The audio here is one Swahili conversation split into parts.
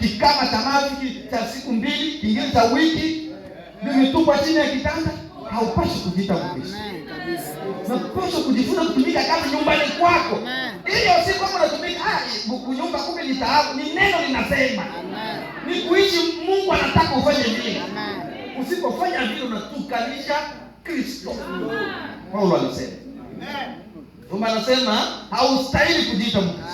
kikama tamaa cha siku mbili, kingine cha wiki, nimetupwa chini ya kitanda. Haupashi kujiita Mkristo, napasha kujifunza kutumika kama nyumbani kwako, ili usiku kama unatumika ah, nyumba, kumbe ni taabu. Ni neno linasema ni kuishi, Mungu anataka ufanye vile. Usipofanya vile, unatukanisha Kristo. Paulo alisema, Roma anasema haustahili kujiita Mkristo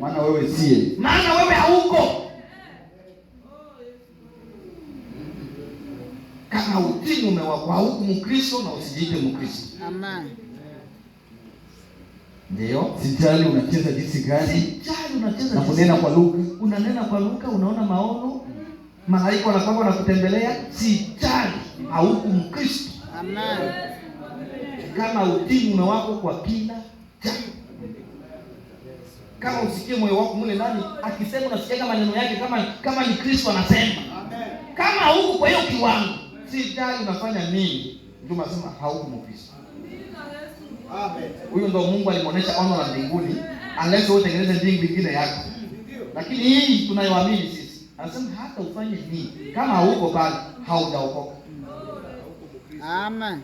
maana wewe siye, maana wewe hauko kama utii mume wako Mkristo, na usijiite Mkristo. Amen. Ndio, sijali unacheza jinsi gani, sijali unacheza na kunena kwa lugha, unanena kwa lugha, unaona maono, malaika wanakwenda na kutembelea, sijali, hauku Mkristo. Amen. Kama utii mume wako kwa kila jali kama usikie moyo wako mule ndani akisema, unasikia maneno yake kama kama ni Kristo anasema. Kama hauko kwa hiyo kiwango, sijali unafanya nini, ndio unasema hauko Mkristo. Huyu ndo Mungu alimuonesha ono la mbinguni, unless wewe utengeneze mbingu nyingine yako. Lakini hii tunayoamini sisi, anasema hata ufanye nini, kama hauko bali haujaokoka. Amen.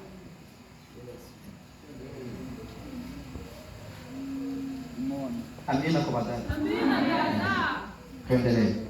Amén kwa Amén,